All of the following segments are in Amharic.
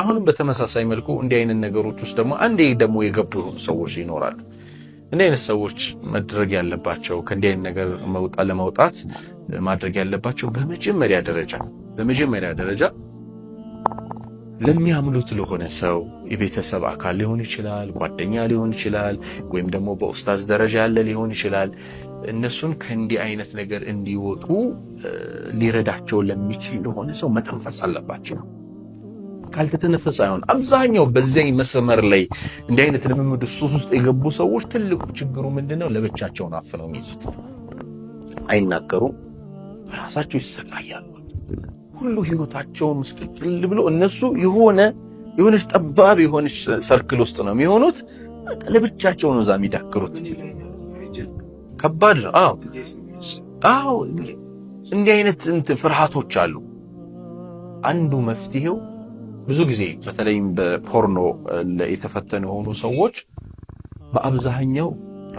አሁንም በተመሳሳይ መልኩ እንዲህ አይነት ነገሮች ውስጥ ደግሞ አንዴ ደግሞ የገቡ ሰዎች ይኖራሉ። እንዲህ አይነት ሰዎች መድረግ ያለባቸው ከእንዲህ አይነት ነገር መውጣ ለመውጣት ማድረግ ያለባቸው በመጀመሪያ ደረጃ በመጀመሪያ ደረጃ ለሚያምሉት ለሆነ ሰው የቤተሰብ አካል ሊሆን ይችላል፣ ጓደኛ ሊሆን ይችላል፣ ወይም ደግሞ በኡስታዝ ደረጃ ያለ ሊሆን ይችላል። እነሱን ከእንዲህ አይነት ነገር እንዲወጡ ሊረዳቸው ለሚችል ለሆነ ሰው መተንፈስ አለባቸው። ካልተተነፈሰ አይሆን። አብዛኛው በዚያኝ መስመር ላይ እንዲህ አይነት ልምምድ ሱስ ውስጥ የገቡ ሰዎች ትልቁ ችግሩ ምንድነው? ለብቻቸውን አፍነው የሚይዙት አይናገሩም፣ በራሳቸው ይሰቃያሉ። ሁሉ ህይወታቸውን ምስቅልቅል ብሎ እነሱ የሆነ የሆነች ጠባብ የሆነች ሰርክል ውስጥ ነው የሚሆኑት። ለብቻቸው ነው እዛ የሚዳክሩት። ከባድ ነው። አዎ አዎ፣ እንዲህ አይነት እንትን ፍርሃቶች አሉ። አንዱ መፍትሄው ብዙ ጊዜ በተለይም በፖርኖ የተፈተኑ የሆኑ ሰዎች በአብዛኛው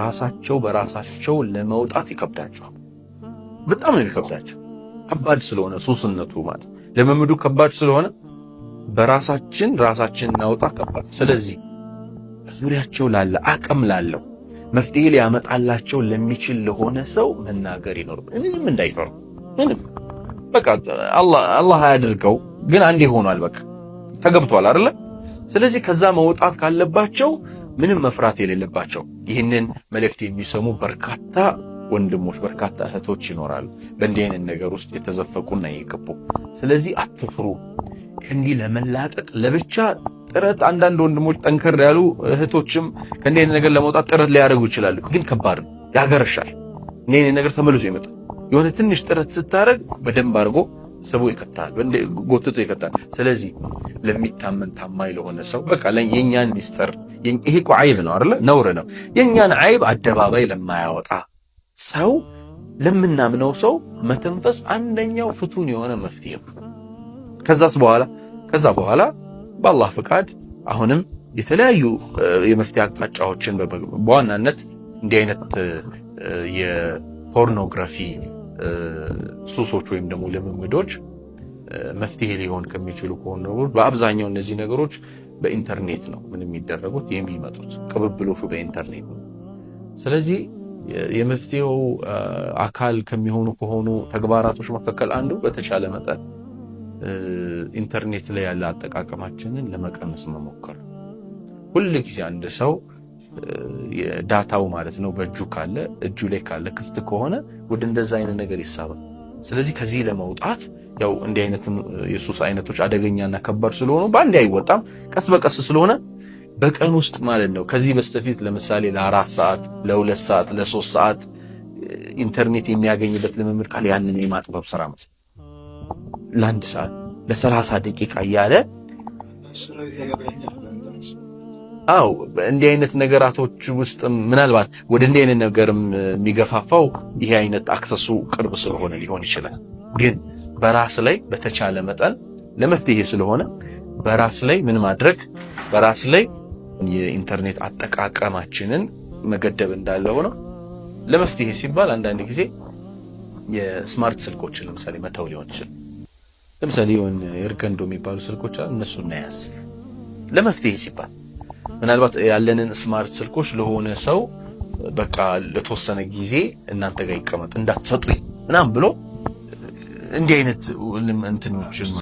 ራሳቸው በራሳቸው ለመውጣት ይከብዳቸዋል። በጣም ነው የሚከብዳቸው። ከባድ ስለሆነ ሱስነቱ ማለት ለመምዱ ከባድ ስለሆነ በራሳችን ራሳችን እናውጣ ከባድ። ስለዚህ በዙሪያቸው ላለ አቅም ላለው መፍትሄ ሊያመጣላቸው ለሚችል ለሆነ ሰው መናገር ይኖርም። ምንም እንዳይፈሩ ምንም በቃ አላህ አያድርገው፣ ግን አንዴ ሆኗል በቃ ተገብቷል አይደለ? ስለዚህ ከዛ መውጣት ካለባቸው ምንም መፍራት የሌለባቸው ይህንን መልእክት የሚሰሙ በርካታ ወንድሞች በርካታ እህቶች ይኖራሉ፣ በእንዲህ አይነት ነገር ውስጥ የተዘፈቁና የገቡ። ስለዚህ አትፍሩ። ከእንዲህ ለመላቀቅ ለብቻ ጥረት አንዳንድ ወንድሞች ጠንከር ያሉ እህቶችም ከእንዲህ አይነት ነገር ለመውጣት ጥረት ሊያደርጉ ይችላሉ። ግን ከባድ ነው፣ ያገረሻል። እንዲህ አይነት ነገር ተመልሶ ይመጣል። የሆነ ትንሽ ጥረት ስታደርግ በደንብ አድርጎ ስቦ ይከታል፣ ጎትቶ ይከታል። ስለዚህ ለሚታመን ታማኝ ለሆነ ሰው በቃ የእኛን ሚስጥር ይሄ እኮ አይብ ነው አይደለ? ነውር ነው። የእኛን አይብ አደባባይ ለማያወጣ ሰው ለምናምነው ሰው መተንፈስ አንደኛው ፍቱን የሆነ መፍትሄ ነው። ከዛስ በኋላ ከዛ በኋላ በአላህ ፍቃድ አሁንም የተለያዩ የመፍትሄ አቅጣጫዎችን በዋናነት እንዲህ አይነት የፖርኖግራፊ ሱሶች ወይም ደግሞ ልምምዶች መፍትሄ ሊሆን ከሚችሉ ከሆኑ ነገሮች በአብዛኛው እነዚህ ነገሮች በኢንተርኔት ነው ምን የሚደረጉት የሚመጡት ቅብብሎቹ በኢንተርኔት ነው። ስለዚህ የመፍትሄው አካል ከሚሆኑ ከሆኑ ተግባራቶች መካከል አንዱ በተቻለ መጠን ኢንተርኔት ላይ ያለ አጠቃቀማችንን ለመቀነስ መሞከር ሁል ጊዜ አንድ ሰው ዳታው ማለት ነው በእጁ ካለ እጁ ላይ ካለ ክፍት ከሆነ ወደ እንደዛ አይነት ነገር ይሳባል። ስለዚህ ከዚህ ለመውጣት ያው እንዲህ አይነትም የሱስ አይነቶች አደገኛና ከባድ ስለሆኑ በአንድ አይወጣም፣ ቀስ በቀስ ስለሆነ በቀን ውስጥ ማለት ነው ከዚህ በስተፊት ለምሳሌ ለአራት ሰዓት ለሁለት ሰዓት ለሶስት ሰዓት ኢንተርኔት የሚያገኝበት ልምምድ ካለ ያንን የማጥበብ ስራ መስ ለአንድ ሰዓት ለሰላሳ ደቂቃ እያለ አው እንዲህ አይነት ነገራቶች ውስጥ ምናልባት ወደ እንዲህ አይነት ነገርም የሚገፋፋው ይሄ አይነት አክሰሱ ቅርብ ስለሆነ ሊሆን ይችላል። ግን በራስ ላይ በተቻለ መጠን ለመፍትሄ ስለሆነ በራስ ላይ ምን ማድረግ በራስ ላይ የኢንተርኔት አጠቃቀማችንን መገደብ እንዳለ ሆነው ለመፍትሄ ሲባል አንዳንድ ጊዜ የስማርት ስልኮችን ለምሳሌ መተው ሊሆን ይችላል። ለምሳሌ የሆን እርገንዶ የሚባሉ ስልኮች እነሱ እናያዝ ለመፍትሄ ሲባል ምናልባት ያለንን ስማርት ስልኮች ለሆነ ሰው በቃ ለተወሰነ ጊዜ እናንተ ጋር ይቀመጥ እንዳትሰጡኝ ምናምን ብሎ እንዲህ አይነት እንትኖችን